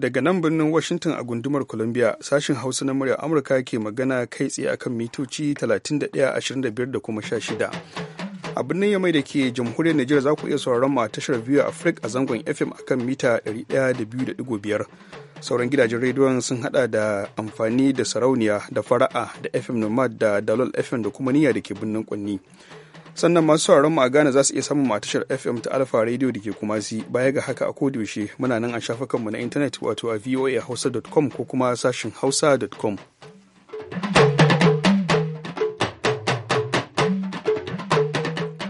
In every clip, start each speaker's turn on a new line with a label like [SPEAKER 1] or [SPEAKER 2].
[SPEAKER 1] daga nan birnin Washington a gundumar Columbia sashin Hausa na murya Amurka ke magana kai tsaye akan mitoci 31.25 da kuma 16. A birnin Yamai da ke jamhuriyar Nijar za ku iya sauraron ma a tashar Viewer Africa a zangon FM akan mita 102.5. Sauran gidajen rediyon sun hada da amfani da sarauniya da fara'a da FM Nomad da Dalol FM da kuma niyya da ke birnin Kwanni. sannan masu sauraron mu a Ghana za su iya samun matashar FM ta Alfa Radio da ke kuma si baya ga haka a yaushe muna nan a shafukanmu na intanet wato a voahausa.com ko kuma sashin hausa.com.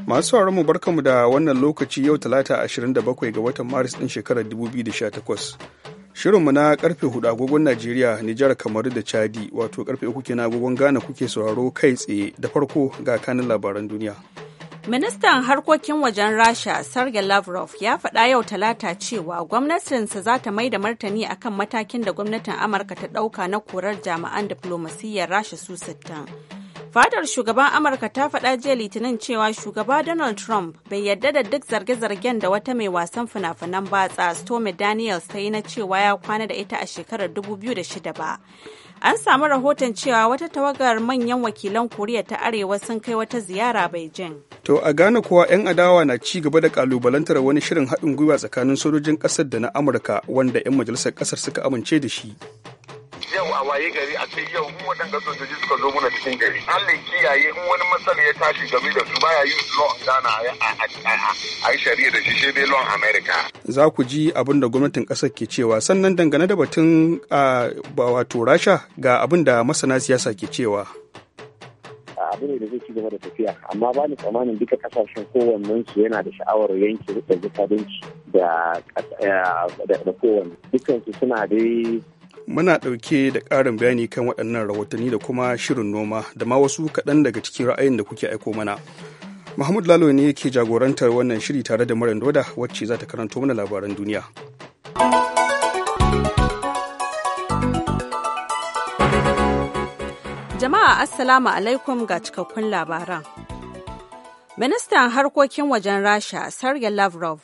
[SPEAKER 1] Masu sauraron mu barkanmu da wannan lokaci yau talata 27 ga watan Maris din shekarar 2018. Shirinmu na karfe hudu agogon Najeriya, Nijar, kamar da Chadi, wato karfe uku kenan agogon Ghana kuke sauraro kai tsaye da farko ga kanin labaran duniya.
[SPEAKER 2] Ministan harkokin wajen Rasha, Sergei Lavrov, ya faɗa yau talata cewa gwamnatinsa za ta mai da martani akan matakin da gwamnatin Amurka ta ɗauka na korar jami'an diflomasiyyar Rasha su sittin. Fadar shugaban Amurka ta faɗa jiya Litinin cewa shugaba Donald Trump bai yarda da duk zarge-zargen da wata mai wasan fina-finan batsa Stormy Daniels ta yi na cewa ya kwana da ita a shekarar 2006 ba. An samu rahoton cewa wata tawagar manyan wakilan Koriya ta Arewa sun kai wata ziyara Beijing.
[SPEAKER 1] To a gane kuwa 'yan adawa na ci gaba da kalubalantar wani shirin haɗin gwiwa tsakanin sojojin ƙasar da na Amurka wanda 'yan majalisar ƙasar suka amince da shi.
[SPEAKER 3] yau a waye gari a ce yau mu waɗanda sojoji suka zo muna cikin gari Allah kiyaye in wani matsala ya tashi game da su baya yi law Ghana a yi shari'a da shi shi dai law America
[SPEAKER 1] za ku ji abin da gwamnatin ƙasar ke cewa sannan dangane da batun wato Rasha ga abin da masana siyasa ke cewa
[SPEAKER 4] abu ne da zai ci gaba da tafiya amma ba ni tsammanin duka kasashen kowannen su yana da sha'awar yanke rikon zakadanci da kowanne dukansu suna dai Muna ɗauke da
[SPEAKER 1] ƙarin bayani kan waɗannan rahotanni da kuma shirin noma da ma wasu kaɗan daga cikin ra'ayin da kuke aiko mana. Mahmud Lalo ne ke jagorantar wannan shiri tare da Maran Doda wacce za ta karanto mana labaran duniya.
[SPEAKER 2] Jama'a Assalamu alaikum ga cikakkun labaran. Ministan harkokin wajen Rasha, Sergei Lavrov,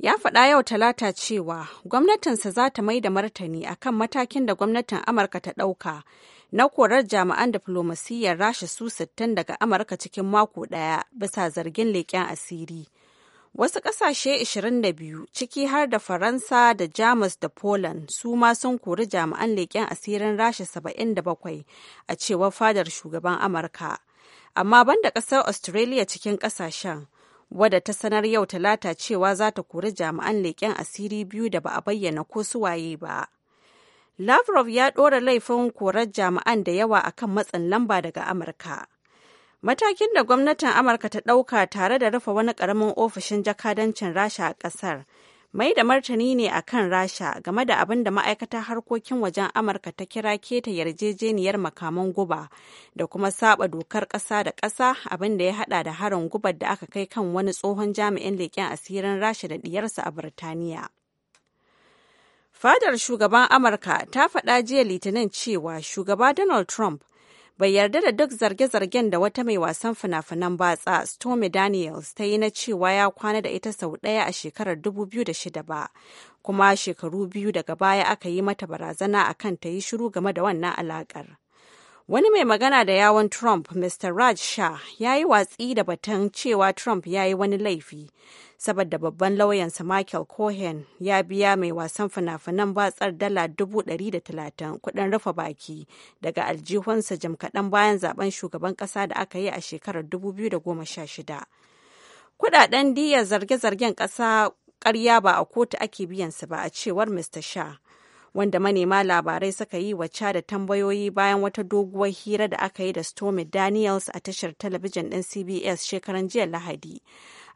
[SPEAKER 2] ya faɗa yau talata cewa gwamnatinsa za ta mai da martani akan matakin da gwamnatin amurka ta ɗauka na korar jami'an diflomasiyyar rasha su 60 daga amurka cikin mako ɗaya bisa zargin leƙen asiri wasu ƙasashe 22 ciki har da faransa da jamus da poland su ma sun kori jami'an leƙen asirin rasha 77 a cewar fadar shugaban amurka amma banda ƙasar australia cikin ƙasashen wadda ta sanar yau talata cewa za ta kori jami'an leƙen asiri biyu da ba a bayyana ko su waye ba. Lavrov ya ɗora laifin korar jami'an da yawa akan matsin lamba daga Amurka. Matakin da gwamnatin Amurka ta ɗauka tare da rufe wani ƙaramin ofishin jakadancin Rasha a ƙasar mai da martani ne a kan rasha game da abin da ma'aikatar harkokin wajen amurka ta kira keta yarjejeniyar makaman guba da kuma saba dokar ƙasa da ƙasa abin da ya hada da harin gubar da aka kai kan wani tsohon jami'in leƙen asirin rasha da diyarsa a birtaniya fadar shugaban amurka ta faɗa jiya litinin cewa shugaba donald trump bai yarda da duk zarge-zargen da wata mai wasan fina-finan batsa Stormy Daniels ta yi na cewa ya kwana da ita sau ɗaya a shekarar 2006 ba, kuma shekaru biyu daga baya aka yi mata barazana akan ta yi shiru game da wannan alaƙar. Wani mai magana da yawon Trump, Mr. Raj Shah, ya yi watsi da batun cewa Trump ya yi wani laifi, saboda babban lauyansa Michael Cohen ya biya mai wasan fina-finan batsar dala talatin kuɗin rufe baki daga aljihunsa jim kaɗan bayan zaben shugaban ƙasa da aka yi a shekarar 2016. Kuɗaɗen diyar zarge-zargen ƙasa ƙarya ba a kotu ake biyan biyansa ba a cewar Mr. Shah. wanda manema labarai suka yi wacce da tambayoyi bayan wata doguwar hira da aka yi da Stormy Daniels a tashar talabijin ɗin CBS shekaran jiya Lahadi.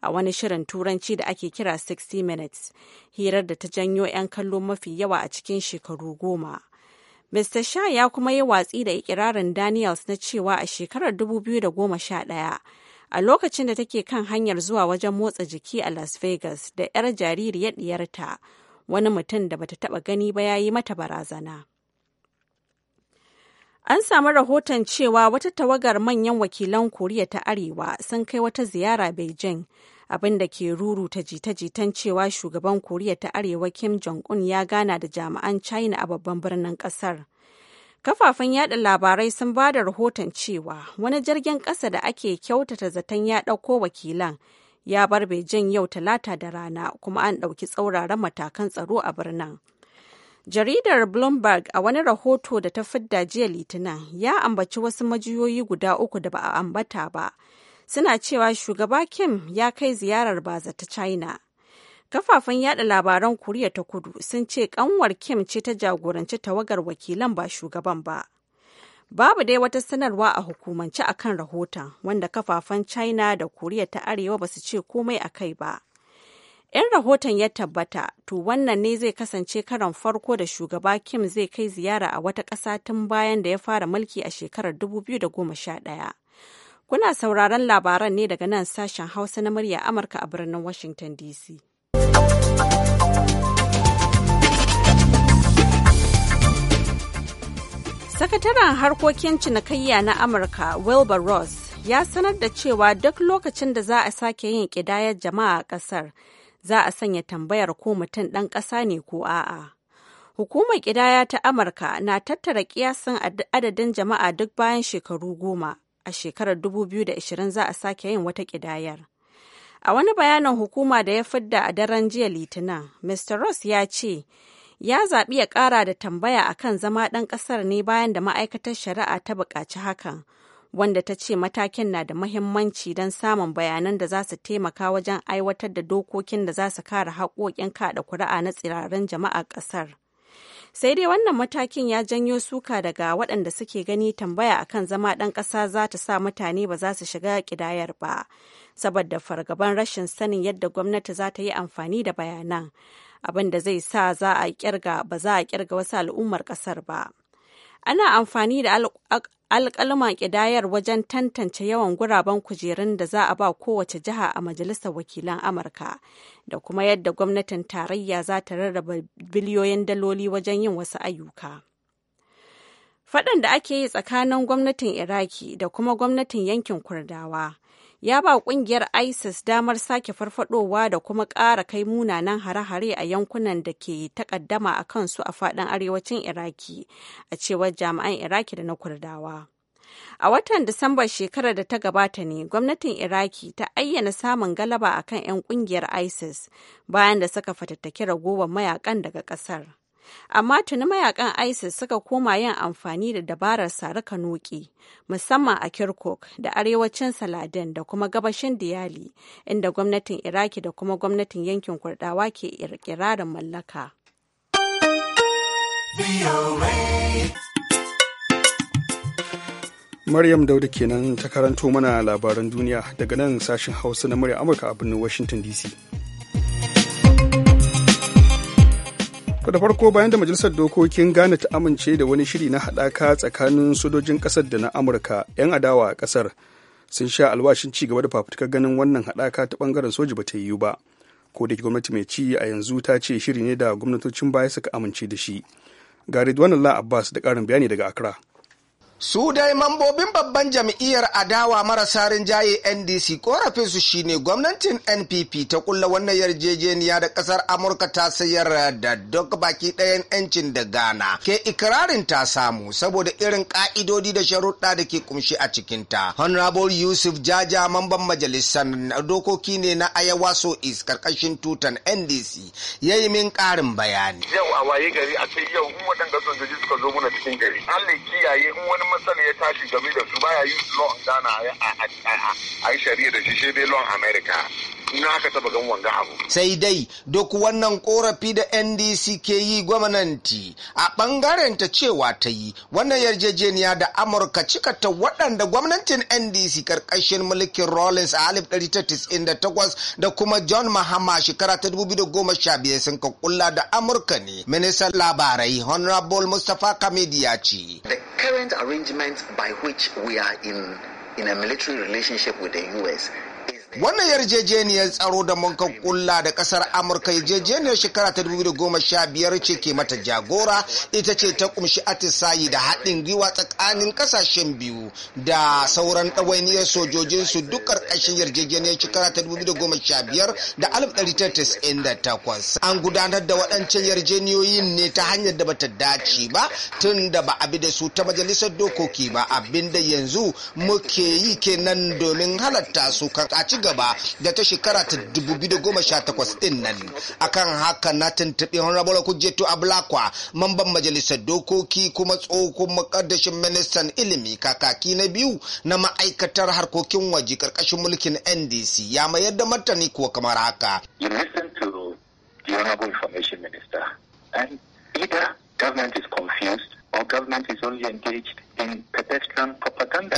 [SPEAKER 2] a wani shirin turanci da ake kira 60 minutes hirar da ta janyo 'yan kallo mafi yawa a cikin shekaru goma Mr. Shah ya kuma yi watsi da ikirarin Daniels na cewa a shekarar 2011 a lokacin da take kan hanyar zuwa wajen motsa jiki a Las Vegas da 'yar jaririyar diyarta wani mutum da bata taɓa gani ba ya yi mata barazana. An samu rahoton cewa wata tawagar manyan wakilan Koriya ta Arewa sun kai wata ziyara Beijing, Abinda da ke ta jita-jitan cewa shugaban Koriya ta Arewa Kim Jong-un ya gana da jami'an China a babban birnin kasar. Kafafen yada labarai sun ba da rahoton cewa wani jirgin ƙasa da ake kyautata zaton ya ɗauko wakilan ya bar Beijing yau talata da rana kuma an ɗauki tsauraran matakan tsaro a birnin. Jaridar Bloomberg a wani rahoto da ta fidda jiya Litinin ya ambaci wasu majiyoyi guda uku da ba a ambata ba. Suna cewa shugaba Kim ya kai ziyarar baza ta China. Kafafen yada labaran Koriya ta kudu sun ce kanwar Kim ce ta jagoranci tawagar wakilan ba shugaban ba. Babu dai wata sanarwa a hukumance akan rahoton wanda kafafen China da Koriya ta Arewa ba su ce komai a kai ba. yan rahoton ya tabbata, to wannan ne zai kasance karan farko da shugaba Kim zai kai ziyara a wata ƙasa tun bayan da ya fara mulki a shekarar 2011. Kuna sauraron labaran ne daga nan sashen Hausa na murya Amurka a birnin Washington DC. Sakataren harkokin cinikayya na Amurka Wilbur Ross ya sanar da cewa duk lokacin da za a sake yin ƙidayar jama'a a ƙasar. za a sanya tambayar ko mutum ɗan ƙasa ne ko a'a. Hukumar ƙidaya ta Amurka na tattara kiyasin adadin jama'a duk bayan shekaru goma. A shekarar 2020 za a sake yin wata ƙidayar. A wani bayanin hukuma da ya fidda a daren jiya Litinin, Mr. Ross ya ce ya zaɓi ya ƙara da tambaya akan zama ɗan ƙasar ne bayan da ma'aikatar shari'a ta buƙaci hakan, wanda ta ce matakin na da mahimmanci don samun bayanan da za su taimaka wajen aiwatar da dokokin da za su kare haƙoƙin kaɗa kuri'a na tsirarin jama'a ƙasar. Sai dai wannan matakin ya janyo suka daga waɗanda suke gani tambaya akan zama ɗan ƙasa za ta sa mutane ba za su shiga ƙidayar ba, saboda fargaban rashin sanin yadda gwamnati za ta yi amfani da bayanan, abin da zai sa za a ƙirga ba za a ƙirga wasu al'ummar ƙasar ba. Ana amfani da alƙalman ƙidayar wajen tantance yawan guraben kujerun da za a ba kowace jiha a Majalisar Wakilan Amurka da kuma yadda gwamnatin tarayya za ta rarraba biliyoyin daloli wajen yin wasu ayyuka. Faɗan da ake yi tsakanin gwamnatin Iraki da kuma gwamnatin yankin Kurdawa ya ba kungiyar isis damar sake farfadowa da kuma ƙara kai munanan hare-hare a yankunan da ke takaddama a kansu a faɗin arewacin iraki a cewar jami'an iraki da na kurdawa a watan disambar shekarar da ta gabata ne gwamnatin iraki ta ayyana samun galaba akan 'yan kungiyar isis bayan da suka fatattaki ragowar mayakan daga kasar. Amma tuni mayakan ISIS suka koma yin amfani da dabarar saruka noki, musamman a Kirkuk da arewacin Saladin da kuma gabashin Diyali, inda gwamnatin Iraki da kuma gwamnatin yankin Kurdawa ke kirarin mallaka.
[SPEAKER 1] Maryam Dauda kenan ta karanto mana labaran duniya daga nan sashen Hausa na murya Amurka a birnin Washington DC. da farko bayan da majalisar dokokin gane ta amince da wani shiri na haɗaka tsakanin sojojin ƙasar da na Amurka 'yan adawa a ƙasar sun sha alwashin ci gaba da fafutukar ganin wannan haɗaka ta ɓangaren soji ba ta yiwu ba. Ko da gwamnati mai ci a yanzu ta ce shiri ne da gwamnatocin baya suka amince da shi. Ga Ridwan Abbas da ƙarin bayani daga Accra.
[SPEAKER 5] Su dai mambobin babban jam'iyyar adawa marasa rinjaye NDC korafin su shine gwamnatin NPP ta kulla wannan yarjejeniya da kasar Amurka ta sayar da duk baki ɗayan 'yancin da Ghana ke ikirarin ta samu saboda irin ka'idodi da sharuɗa da ke kumshi a cikinta. Honorable Yusuf Jaja mamban majalisar dokoki ne na Ayawa so is karkashin tutan NDC ya yi min ƙarin bayani. Yau a waye gari a ce yau in waɗanda sojoji suka zo muna cikin gari. Allah kiyaye in
[SPEAKER 3] wani masala ya tashi game da su baya yi law in Ghana a yi shari'a da shi shebe dai law America ina haka taba gan wanga abu
[SPEAKER 5] sai dai duk wannan korafi da NDC ke yi gwamnati a bangaren ta cewa ta yi wannan yarjejeniya da Amurka cika ta waɗanda gwamnatin NDC karkashin mulkin Rawlings a 1998 da kuma John Mahama shekara ta 2015 sun kulla da Amurka ne ministan labarai Honorable Mustapha Kamidi ya ce
[SPEAKER 6] current arrangement by which we are in in a military relationship with the US
[SPEAKER 5] wannan yarjejeniyar tsaro da mun kulla da kasar amurka yarjejeniyar shekara ta 2015 ce ke mata jagora ita ce ta kumshi atisayi da haɗin gwiwa tsakanin kasashen biyu da sauran ɗawainiyar sojojin su duk ƙarƙashin yarjejeniyar shekara ta 2015 da 1998 an gudanar da waɗancan yarjejeniyoyin ne ta hanyar da bata dace ba tun da ba bi da su ta majalisar dokoki ba abinda yanzu muke yi kenan domin halatta su gaba da ta shekara ta 2018 din nan akan haka na tuntuɓi honorable kujetu ablakwa mamban majalisar dokoki kuma tsohon makaddashin ministan ilimi kakaki na biyu na ma'aikatar harkokin waje karkashin mulkin ndc ya mayar da martani kuwa kamar haka
[SPEAKER 4] the Information either government is confused or government is only engaged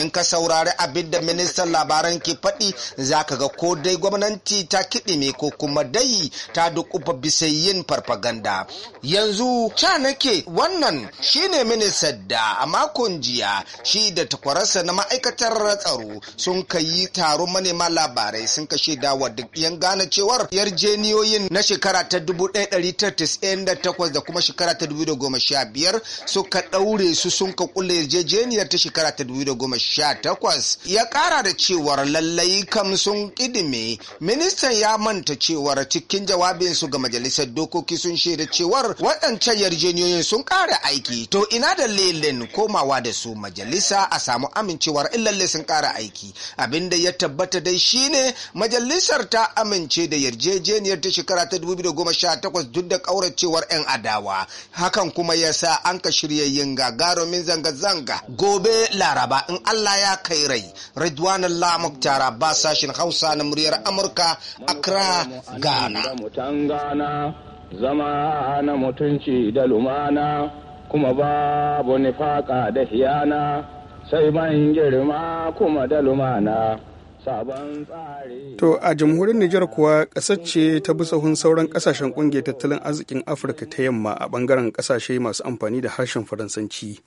[SPEAKER 5] In ka saurari abin da ministan labaran ke faɗi za ka ga ko dai gwamnati ta kiɗi me ko kuma dai ta dukufa bisa yin farfaganda. Yanzu ca nake wannan shi ne ministan da a makon jiya shi da takwararsa na ma'aikatar tsaro sun ka yi taron manema labarai sun ka shaida wa duk yan gane cewar yarjeniyoyin na shekara ta 1998 da kuma shekara ta 2015 suka ɗaure su sun ka kulle yarjejeniyoyin yarjejeniyar ta shekara ta 2018 ya kara da cewar lallai kam sun kidime ministan ya manta cewar cikin jawabinsu ga majalisar dokoki sun shaida cewar waɗancan yarjejeniyoyin sun kara aiki to ina da lelin komawa da su majalisa a samu amincewar in lalle sun kara aiki abin da ya tabbata dai shine majalisar ta amince da yarjejeniyar ta shekara ta 2018 duk da kauracewar 'yan adawa hakan kuma ya sa an ka shirya yin gagarumin zanga-zanga gobe laraba in Allah ya kai rai Ridwanan Allah tara ba sashin Hausa na muryar Amurka kira Ghana
[SPEAKER 7] zama na mutunci da lumana kuma babu nifaka da hiyana sai ban girma kuma da lumana
[SPEAKER 1] To a jamhuriyar Nijar kuwa ƙasar ce ta bi sahun sauran ƙasashen ƙungiyar tattalin arzikin Afirka ta yamma a ɓangaren ƙasashe masu amfani da harshen Faransanci.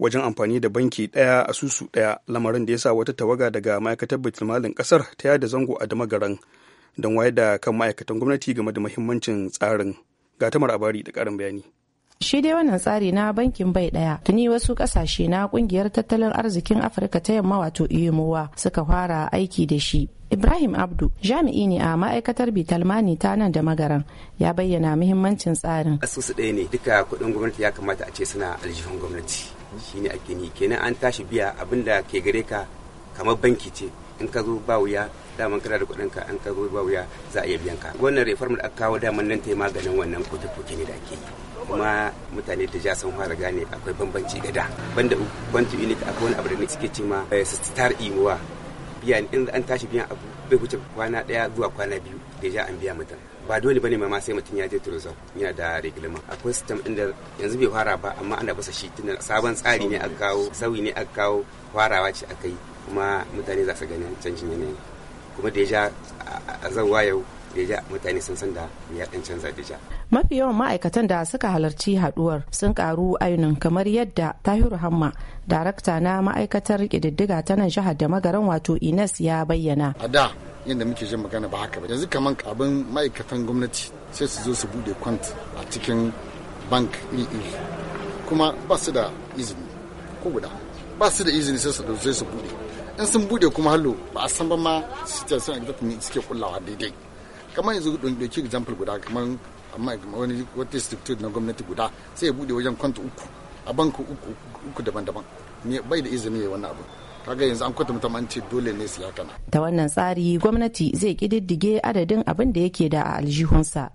[SPEAKER 1] wajen amfani da banki ɗaya asusu ɗaya lamarin da ya sa wata tawaga daga ma'aikatar bitulmalin ƙasar ta yada zango a damagaran don wayar da kan ma'aikatan gwamnati game da muhimmancin tsarin ga tamar abari da ƙarin bayani
[SPEAKER 8] shi dai wannan tsari na bankin bai daya tuni wasu kasashe na kungiyar tattalin arzikin afirka ta yamma wato iyomowa e suka fara aiki da shi Ibrahim Abdu jami'i ne a ma'aikatar Bitalmani ta nan da magaran ya bayyana muhimmancin tsarin.
[SPEAKER 5] Asusu ɗaya ne duka kudin gwamnati ya kamata a ce suna aljihun gwamnati. ne ake ni kenan an tashi biya da ke gare ka kamar banki ce in ka zo ba wuya daman kana da kuɗin ka in ka zo ba wuya za a iya biyan ka wannan reform da aka kawo daman nan ta yi maganin wannan koke-koke ne da ake yi kuma mutane da ja sun fara gane akwai bambanci ga da banda bantu ne akwai wani abu da suke ce ma eh, sitar imuwa biya in an tashi biyan abu bai wuce kwana daya zuwa kwana biyu da ja an biya mutum ba dole bane ma sai mutum ya je tourism yana da reglima akwai system inda yanzu bai fara ba amma ana basa shi sabon tsari ne aka kawo sauyi ne aka kawo farawa ce aka yi kuma mutane za su gani canjin yanayi kuma deja a zauwa yau deja mutane sun san da ya dan canza deja
[SPEAKER 8] mafi yawan ma'aikatan da suka halarci haduwar sun karu ayunan kamar yadda tahiru hamma darakta na ma'aikatar kididdiga ta nan jihar da magaran wato ines ya bayyana
[SPEAKER 3] yadda muke jin magana ba haka ba yanzu kaman abin ma'aikatan gwamnati sai su zo su bude kwant a cikin bank iri e e. kuma ba su da izini ko guda ba su da izini sai su sai su bude in sun bude kuma hallo ba a san ba ma sun exact ne suke kullawa daidai kamar yanzu doki example guda kamar amma wani wata institute na gwamnati guda sai ya bude wajen kwanta uku a banku uku daban-daban bai da izini ya wannan abu kaga yanzu an kwatanta an ce dole ne su kana.
[SPEAKER 8] ta wannan tsari gwamnati zai kididdige adadin abin da yake da a aljihunsa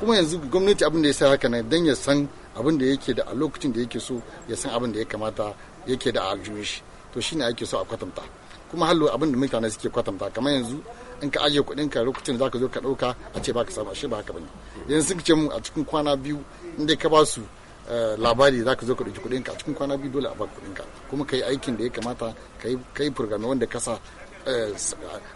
[SPEAKER 3] kuma yanzu gwamnati abin da ya sa haka nan ya san abin da yake da a lokacin da yake so ya san abin da ya kamata yake da a aljihun shi to shine ake so a kwatanta kuma hallo abin da mutane suke kwatanta kamar yanzu in ka ajiye kuɗin ka lokacin zaka zo ka ɗauka a ce baka samu ashe ba haka bane yanzu sun ce mu a cikin kwana biyu in dai ka ba su Eh, labari za ka zo ka ɗauki kuɗin a cikin kwana biyu dole a kuɗin ka kuma ka aikin da ya kamata ka yi furgame wanda ka sa eh,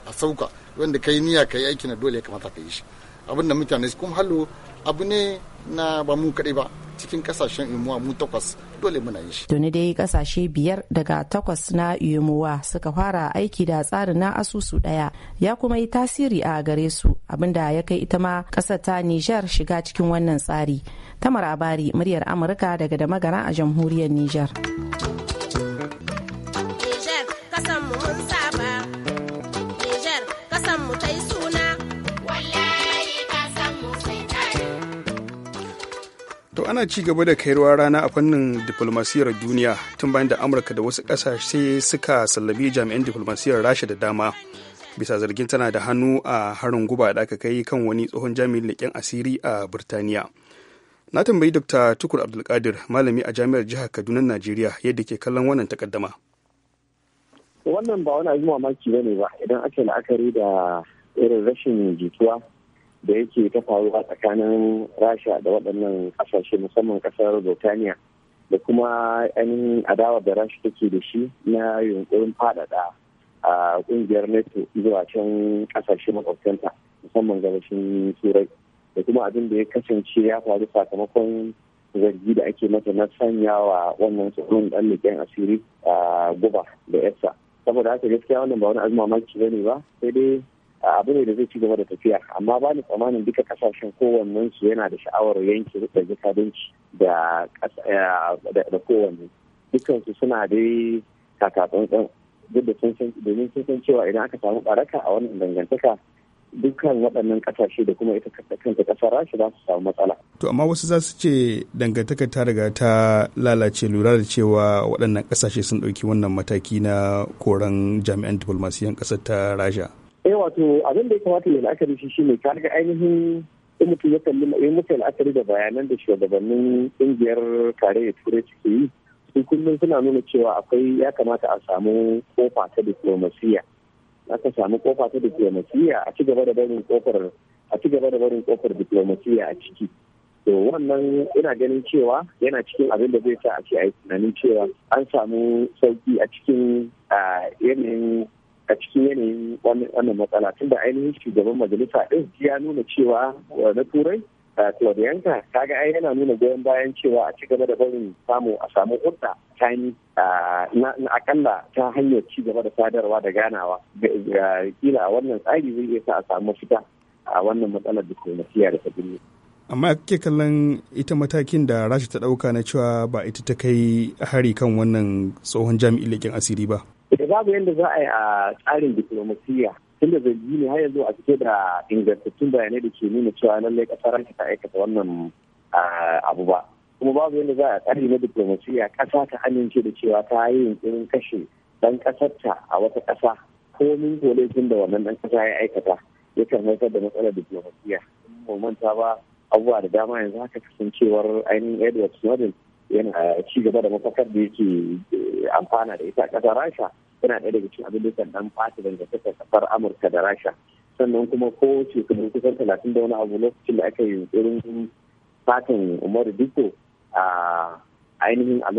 [SPEAKER 3] a sauka wanda ka yi niyya ka yi aikin da dole ya kamata ka yi shi abin da mutane kuma hallo abu ne na ba mu kaɗai ba cikin kasashen imuwa mu takwas dole muna yi shi.
[SPEAKER 8] Tuni dai kasashe biyar daga takwas na imuwa suka fara aiki da tsarin na asusu daya ya kuma yi tasiri a gare su abinda ya kai ita ma kasar ta Nijar shiga cikin wannan tsari. Tamar Abari muryar Amurka daga da magana a jamhuriyar Nijar.
[SPEAKER 1] To ana ci gaba da kairuwa rana a fannin diplomasiyar duniya tun bayan da Amurka da wasu ƙasashe suka sallabi jami'an diplomasiyar Rasha da dama. Bisa zargin tana da hannu a harin guba da aka kai kan wani tsohon jami'in leƙen asiri a Birtaniya. Na tambayi Dr. Tukur Abdulkadir, malami a jami'ar jihar Kaduna, Najeriya, yadda ke kallon wannan takaddama.
[SPEAKER 4] Wannan ba wani abin mamaki ba ne ba idan ake la'akari da irin rashin jituwa da yake ta faruwa tsakanin rasha da waɗannan ƙasashe musamman ƙasar burtaniya da kuma yan adawa da rasha take da shi na yunkurin faɗaɗa a ƙungiyar neto zuwa can ƙasashe makwabtanta musamman gabashin turai da kuma abin da ya kasance ya faru sakamakon zargi da ake mata na sanya wa wannan tsoron ɗan leƙen asiri a guba da yasa saboda haka gaskiya wannan ba wani azumamaki ba ne ba sai dai abu ne da zai ci gaba da tafiya amma ba ni tsammanin duka kasashen kowannen su yana da sha'awar yanke da jakadanci da da kowanne su suna dai kakatsantsan duk da sun san domin sun san cewa idan aka samu baraka a wannan dangantaka dukkan waɗannan ƙasashe da kuma ita kanta ƙasar rashi za su samu matsala.
[SPEAKER 1] To amma wasu za su ce dangantaka ta riga ta lalace lura da cewa waɗannan kasashe sun ɗauki wannan mataki na koran jami'an diplomasiyan ƙasar ta rasha.
[SPEAKER 4] eh wato abin da ya kamata mai la'akari shi shine ka ga ainihin in mutum ya kalli in muka la'akari da bayanan da shugabannin kungiyar da turai suke yi su kullum suna nuna cewa akwai ya kamata a samu kofa ta diplomasiya aka samu kofa ta diplomasiya a ci gaba da barin kofar a ci gaba da barin kofar diplomasiya a ciki to wannan ina ganin cewa yana cikin abin da zai sa a ce a yi tunanin cewa an samu sauki a cikin yanayin a cikin yanayin wannan matsala tun da ainihin shugaban majalisa ɗin ya nuna cewa eh, na turai eh, claudianka ta ga ai yana nuna goyon bayan cewa a ci gaba da barin samu a samu hudda tani eh, na akalla ta hanyar ci gaba da sadarwa da ganawa kila a wannan tsari zai iya sa a samu fita a wannan matsalar diplomasiya da ta
[SPEAKER 1] amma kake kallon ita matakin da rasha ta ɗauka na cewa ba ita ta kai hari kan wannan tsohon jami'in leƙen asiri ba
[SPEAKER 4] da babu yadda za a yi a tsarin diplomasiya tun da zargi ne har yanzu a cike da ingantattun bayanai da ke nuna cewa lallai kasar ranta ta aikata wannan abu ba kuma babu yadda za a tsari na diplomasiya kasa ta amince da cewa ta yi yunkurin kashe dan kasarta a wata kasa komin ko tun da wannan dan kasa ya aikata ya yakan haifar da matsalar diplomasiya mu manta ba abubuwa da dama yanzu haka kasancewar ainihin Edward Snowden yana ci gaba da mafakar da yake amfana da ita kasar rasha yana ɗaya daga cikin abin da kan dan fata kasar amurka da rasha sannan kuma ko shekaru kusan talatin da wani abu lokacin da aka yi irin fatan umaru dikko a ainihin a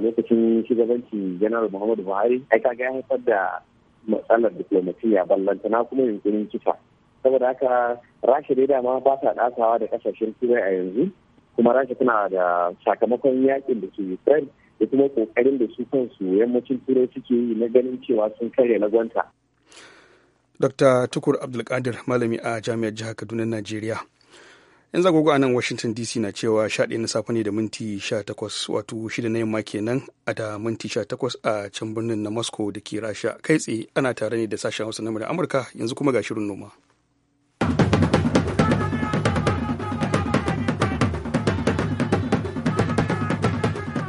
[SPEAKER 4] lokacin shugabancin janar muhammadu buhari ai ga ya haifar da matsalar diplomatiya na kuma yunkurin kifa saboda haka rasha dai dama ba ta ɗasawa da kasashen turai a yanzu kuma rasha tana da sakamakon yakin da ke ukraine da kuma kokarin da su kansu yammacin turai suke yi na ganin cewa sun karya na gwanta.
[SPEAKER 1] Dr. Tukur Abdulkadir malami a Jami'ar Jihar Kaduna Najeriya. Yanzu zagogo a nan Washington DC na cewa 11 na safe ne da minti 18 wato shida na yamma kenan a da minti 18 a can birnin na Moscow da ke Rasha kai tsaye ana tare ne da sashen Hausa na Amurka yanzu kuma ga shirin noma.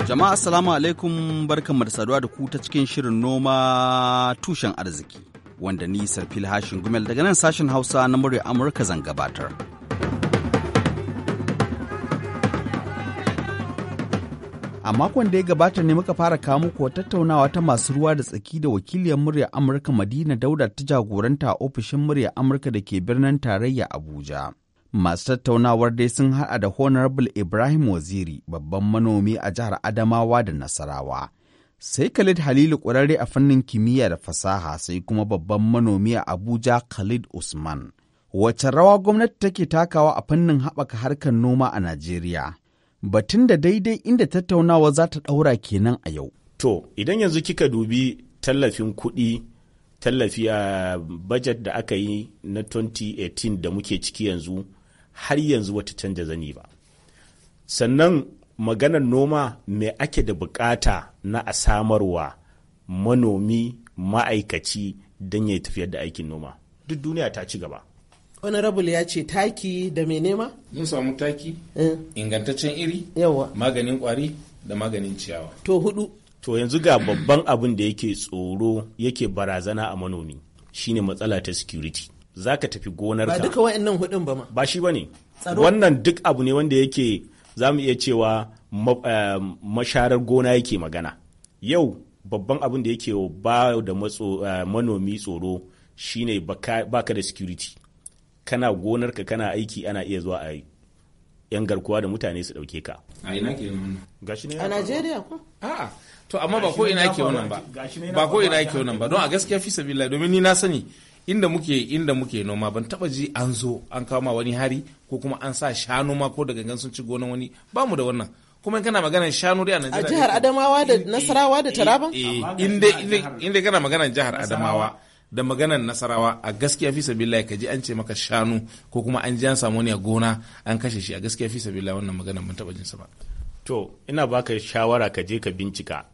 [SPEAKER 6] Jama'a Assalamu alaikum barkanmu da saduwa da ku ta cikin shirin noma tushen arziki wanda ni Sarfil Hashin Gumel daga nan sashin Hausa na murya Amurka zan gabatar. A makon da ya gabata ne muka fara kawo muku tattaunawa ta masu ruwa da tsaki da wakiliyar murya Amurka Madina Dauda ta jagoranta ofishin murya Amurka da ke birnin tarayya Abuja. Masu tattaunawar dai sun haɗa da Honorable Ibrahim Waziri, babban manomi a jihar Adamawa da Nasarawa. Sai Khalid Halilu ƙwararre a fannin kimiyya da fasaha sai kuma babban manomi a Abuja Khalid Usman. Wacce rawa gwamnati take takawa a fannin haɓaka harkar noma a Najeriya? Batun da daidai inda tattaunawa za ta ɗaura kenan a yau. To,
[SPEAKER 9] idan yanzu kika dubi tallafin kuɗi tallafi a bajet da aka yi na 2018 da muke ciki yanzu har yanzu wata canja zani ba sannan maganar noma me ake da bukata na a samarwa manomi ma'aikaci don ya tafiyar da aikin noma duk duniya ta ci gaba
[SPEAKER 7] honorable ya ce taki da mai nema mun samu taki eh. ingantaccen iri yawa maganin kwari da maganin ciyawa
[SPEAKER 9] to hudu to yanzu ga babban abin da yake tsoro yake barazana a manomi shine matsala ta security za ka tafi gonar ba duka
[SPEAKER 6] wa'annan hudun ba ma ba shi bane wannan
[SPEAKER 9] duk abu ne wanda yake za mu iya cewa eh, masharar gona yake magana yau babban abin da yake ba da eh, manomi tsoro shine baka da security kana gonar ka kana aiki ana iya zuwa a yan garkuwa da mutane su dauke ka a ina ke gashi ne a
[SPEAKER 7] Najeriya ko a'a to amma ba ko ina ke wannan ba ba ko ina ke wannan ba don a
[SPEAKER 9] gaskiya fi sabila domin ni na sani inda muke
[SPEAKER 7] inda muke noma ban taba ji an zo an kama wani hari ko kuma an sa shanu ma ko da gangan sun ci gonan wani ba mu da wannan kuma kana magana shanu dai a Najeriya a jihar
[SPEAKER 6] Adamawa da eh, Nasarawa da eh, Taraba eh,
[SPEAKER 7] inda inda kana magana jihar Adamawa da maganar Nasarawa a gaskiya fi sabilla ka ji an ce maka shanu ko kuma an ji an samu ne a gona an kashe shi a gaskiya fi sabilla
[SPEAKER 9] wannan maganar mun taba jin sa ba to ina baka shawara ka je ka bincika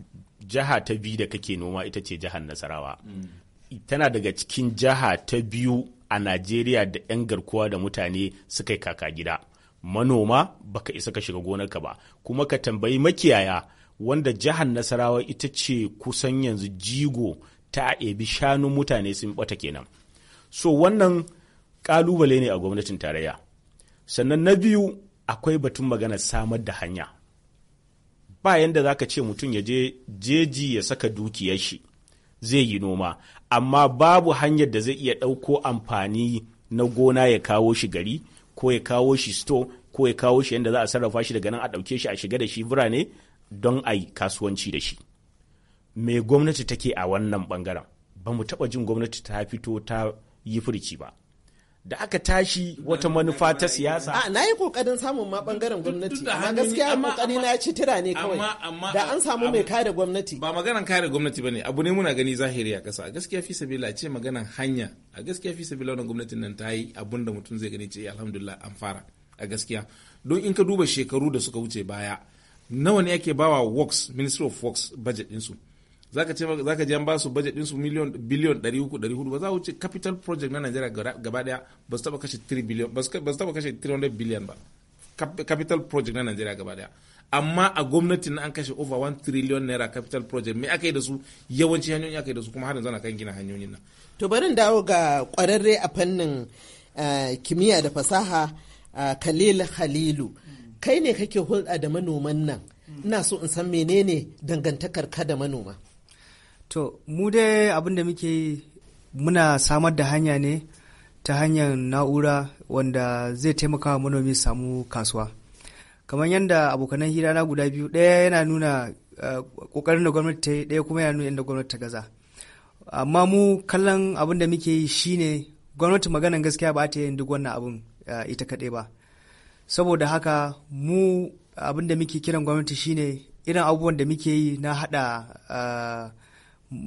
[SPEAKER 9] jiha ta biyu da kake noma ita ce jihar Nasarawa mm. tana daga cikin jiha ta biyu a Najeriya da 'yan garkuwa da mutane suka yi kaka gida. Manoma baka isa ka shiga gonarka ba, kuma ka tambayi makiyaya wanda jihar Nasarawa ita ce kusan yanzu jigo ta ebi shanun mutane sun bata kenan. So wannan kalubale ne a gwamnatin tarayya. Sannan na biyu akwai batun magana samar da hanya. Ba yanda za ka ce mutum ya je jeji ya saka dukiyar shi. zai yi noma amma babu hanyar da zai iya ɗauko amfani na gona ya kawo shi gari ko ya kawo shi store ko ya kawo shi yadda za a sarrafa shi daga nan a ɗauke shi a shiga da shi birane don a yi kasuwanci da shi me gwamnati take a wannan bangaren ba mu taɓa jin gwamnati ta fito ta yi furci ba da aka tashi wata manufa ta siyasa.
[SPEAKER 6] A na yi kokarin samun ma bangaren gwamnati,
[SPEAKER 9] amma gaskiya kokari na ci tira ne kawai. Da an samu mai kare gwamnati. Ba
[SPEAKER 7] maganan kare gwamnati bane, abu ne muna gani zahiri a kasa. A gaskiya fi sabila ce maganan hanya. A gaskiya fi sabila wannan gwamnatin nan ta yi abun da mutum zai gani ce eh, alhamdulillah an fara. A gaskiya. Don in ka duba shekaru da suka wuce baya, nawa ne ake bawa works, Ministry of Works budget ɗinsu. su. zaka ce zaka je an ba su budget din su miliyon biliyon 300 ba za wuce capital project na Najeriya gaba daya ba su taba kashe 3 billion ba su taba kashe 300 billion ba capital project na Najeriya gaba daya amma a gwamnati na an kashe over 1 trillion naira capital project me aka yi da su yawanci hanyoyi aka yi da su kuma har yanzu ana kan gina hanyoyin nan
[SPEAKER 6] to barin dawo ga kwararre a fannin eh, kimiyya da fasaha eh, Khalil Khalilu
[SPEAKER 10] kai ne kake hulɗa da manoman nan ina so in san menene dangantakar ka da manoma To, mu dai abin da muke yi muna samar da hanya ne ta hanyar na'ura wanda zai taimaka wa manomi samu kasuwa. Kamar yadda abokanan hira na guda biyu, ɗaya yana nuna eh, ƙoƙarin da gwamnati ta yi, ɗaya kuma yana nuna yadda gwamnati ta gaza. Amma mu kallon abin da muke yi shi ne gwamnati maganan gaskiya ba ta yin duk wannan abin eh, ita kaɗai ba. Saboda haka mu abin da muke kiran gwamnati shine irin abubuwan da muke yi na haɗa eh,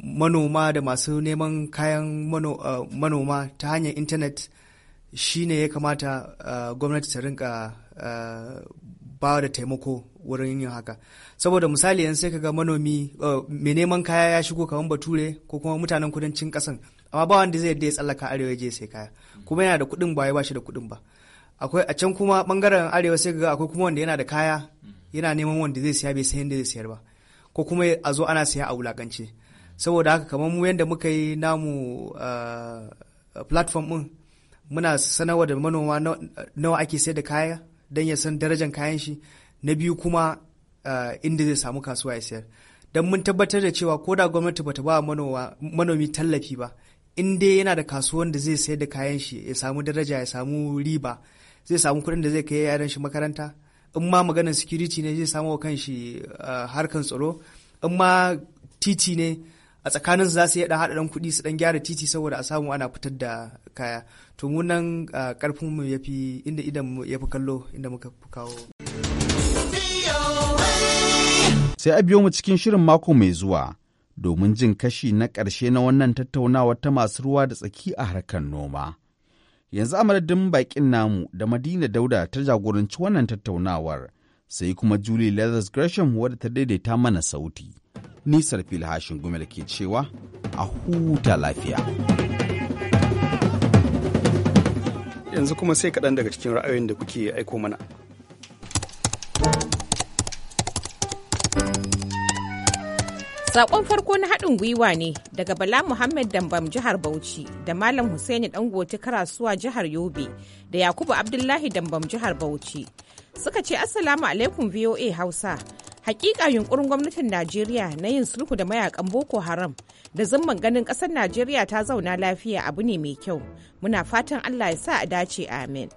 [SPEAKER 10] manoma da masu neman kayan uh, manoma ta hanyar intanet shi ne ya kamata uh, gwamnati ta rinka uh, ba da taimako wurin yin haka saboda misali yanzu sai kaga manomi mai neman kaya ya shigo kamar bature ko kuma mutanen kudancin kasan amma ba wanda zai da ya tsallaka arewa ya je sai kaya kuma yana da kuɗin ba ya bashi da kudin ba akwai a can kuma bangaren arewa sai kaga akwai kuma wanda yana da kaya yana neman wanda zai siya bai sayan da zai siyar ba ko kuma a zo ana siya a wulakance saboda haka kamar mu yadda muka yi namu platform ɗin muna sanarwa da manoma nawa ake sayar da kaya don ya san darajar kayan shi na biyu kuma inda zai samu kasuwa ya sayar don mun tabbatar da cewa ko da gwamnati bata ba manomi tallafi ba in dai yana da kasuwan da zai sayar da kayan shi ya samu daraja ya samu riba zai samu kuɗin da zai kai yaran shi makaranta in ma maganar security ne zai samu wa shi harkan tsaro in ma titi ne a tsakanin za su iya haɗa ɗan kuɗi su dan gyara titi saboda a samu ana fitar da kaya to mu nan karfin mu yafi inda idan mu yafi kallo inda muka fi kawo
[SPEAKER 6] sai a biyo mu cikin shirin mako mai zuwa domin jin kashi na ƙarshe na wannan tattaunawa ta masu ruwa da tsaki a harkar noma yanzu a madadin baƙin namu da madina dauda ta jagoranci wannan tattaunawar sai kuma Julie Leathers Gresham wadda ta daidaita mana sauti. Nisar filhashin gumel ke cewa a huta lafiya.
[SPEAKER 1] Yanzu kuma sai kaɗan daga cikin ra'ayoyin da kuke aiko mana.
[SPEAKER 11] saƙon farko na haɗin gwiwa ne daga Bala Muhammad Dambam jihar Bauchi da Malam Hussaini Dangote Karasuwa jihar Yobe da Yakubu Abdullahi Dambam jihar Bauchi suka ce assalamu alaikum voa hausa hakika yunkurin gwamnatin najeriya na yin sulhu da mayakan boko haram da zumman ganin kasar najeriya ta zauna lafiya abu ne mai kyau muna fatan allah ya sa a dace amin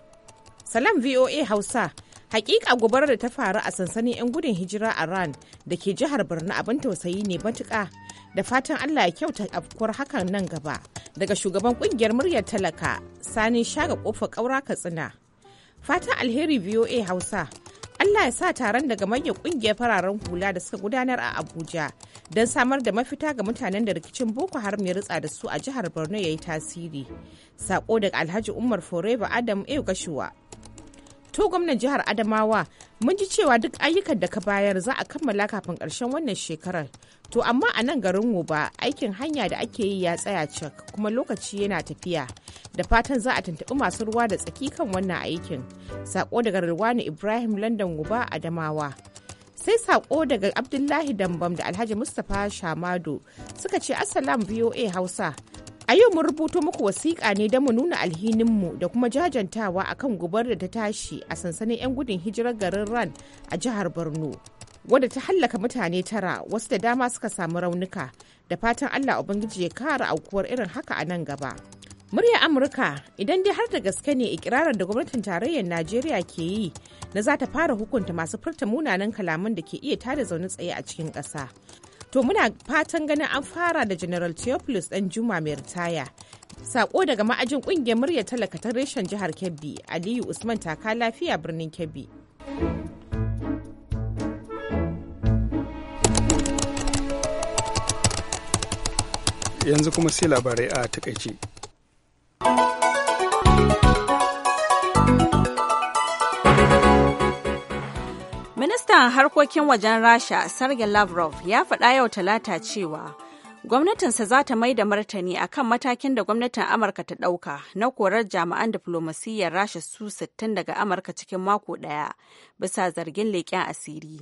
[SPEAKER 11] salam voa hausa hakika gobarar da ta faru a sansanin 'yan gudun hijira a ran da ke jihar borno abin tausayi ne matuka da fatan allah ya kyauta afkuwar hakan nan gaba daga shugaban kungiyar muryar talaka sani shaga kofar ƙaura katsina Fatan alheri VOA Hausa. Allah ya sa taron daga manyan kungiyar fararen hula da suka gudanar a Abuja don samar da mafita ga mutanen da rikicin Boko Haram ya ritsa da su a jihar Borno ya yi tasiri. Sako daga Alhaji Umar Foreba Adam E. Gashuwa. To gwamnan jihar Adamawa mun ji cewa duk ayyukan da ka bayar za a kammala kafin ƙarshen wannan shekarar To amma a nan garin ba aikin hanya da ake yi ya tsaya cak kuma lokaci yana tafiya. Da fatan za a tuntuɓi masu ruwa da tsaki kan wannan aikin. Sako daga Rilwani Ibrahim London Guba Adamawa. Sai sako daga Abdullahi Dambam da Alhaji Mustapha Shamado suka ce Assalamu VOA Hausa. A yau mun rubuto muku wasiƙa ne don mu nuna alhininmu da kuma jajantawa akan gubar da ta tashi a sansanin 'yan gudun hijirar garin Ran a jihar Borno. wadda ta hallaka mutane tara wasu da dama suka samu raunuka da fatan allah ubangiji ya kara aukuwar irin haka a nan gaba murya amurka idan dai har da gaske ne ikirarin da gwamnatin tarayyar najeriya ke yi na za ta fara hukunta masu furta munanan kalaman da ke iya tada zaune tsaye a cikin ƙasa to muna fatan ganin an fara da general theophilus dan juma mai ritaya sako daga ma'ajin kungiyar murya talaka ta reshen jihar kebbi aliyu usman taka lafiya birnin kebbi
[SPEAKER 1] yanzu kuma sai labarai a takaice.
[SPEAKER 2] Ministan harkokin wajen Rasha Sergei Lavrov ya faɗa yau talata cewa gwamnatinsa za ta mai da martani a kan matakin da gwamnatin Amurka ta ɗauka na korar jami'an diflomasiyyar Rasha su 60 daga Amurka cikin mako ɗaya bisa zargin leƙen asiri.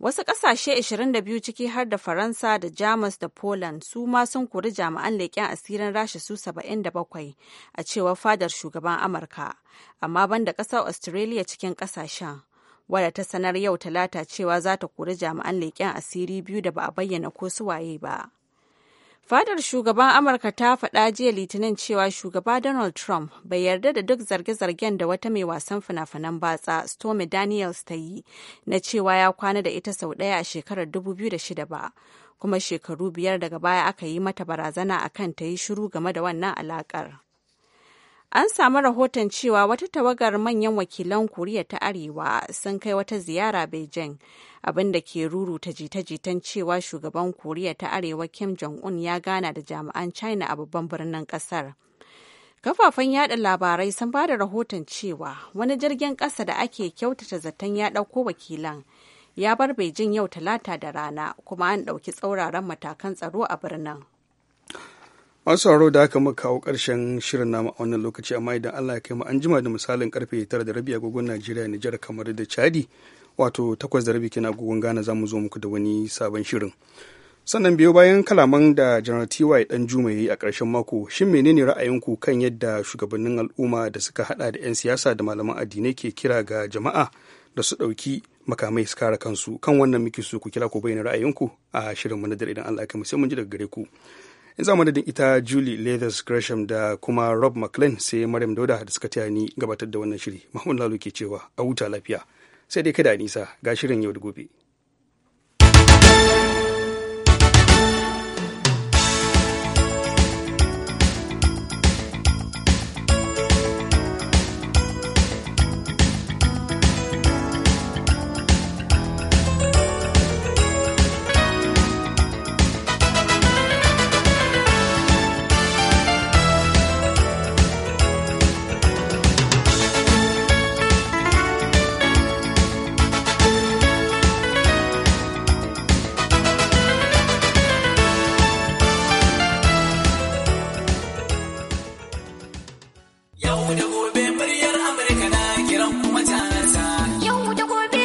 [SPEAKER 2] Wasu ƙasashe 22 ciki har da Faransa da Jamus da Poland su ma sun kori jami'an leƙen asirin Rasha su 77 a cewar fadar shugaban Amurka, amma banda ƙasar Australia cikin ƙasashen. Wadda ta sanar yau talata cewa za ta kori jami'an leƙen asiri biyu da ba a bayyana ko su waye ba. Fadar shugaban Amurka ta faɗa jiya Litinin cewa shugaba Donald Trump bai yarda da duk zarge-zargen da wata mai wasan fina-finan batsa Stormy Daniels ta yi na cewa ya kwana da ita sau ɗaya a shekarar 2006 ba, kuma shekaru biyar daga baya aka yi mata barazana a kan ta yi shiru game da wannan alaƙar. An samu rahoton cewa wata tawagar manyan wakilan Koriya ta Arewa sun kai wata ziyara Beijing, Abinda da ke ruruta jita-jitan cewa shugaban Koriya ta Arewa Kim Jong-un ya gana da jami'an China a babban birnin kasar. Kafafen yada labarai sun ba da rahoton cewa wani jirgin ƙasa da ake kyautata zaton ya ɗauko wakilan ya bar Beijing yau talata da rana kuma an ɗauki tsauraran matakan tsaro a birnin.
[SPEAKER 1] masu haro da aka muka kawo ƙarshen shirin namu a wannan lokaci amma idan Allah ya kai mu an jima da misalin karfe tara da rabi agogon Najeriya Nijar kamar da Chadi wato takwas da rabi kenan agogon Ghana za mu zo muku da wani sabon shirin sannan biyo bayan kalaman da General TY dan Juma yayi a ƙarshen mako shin menene ra'ayinku kan yadda shugabannin al'umma da suka hada da 'yan siyasa da malaman addinai ke kira ga jama'a da su ɗauki makamai su kare kansu kan wannan muke so ku kira ku bayyana ra'ayinku a shirin mu na dare idan Allah ya kai mu sai mun ji daga gare ku in a madadin ita julie leathers gresham da kuma rob mclean sai maryam dauda da suka taya ni gabatar da wannan shiri mahmud lalu ke cewa a huta lafiya sai dai kada nisa ga shirin yau da gobe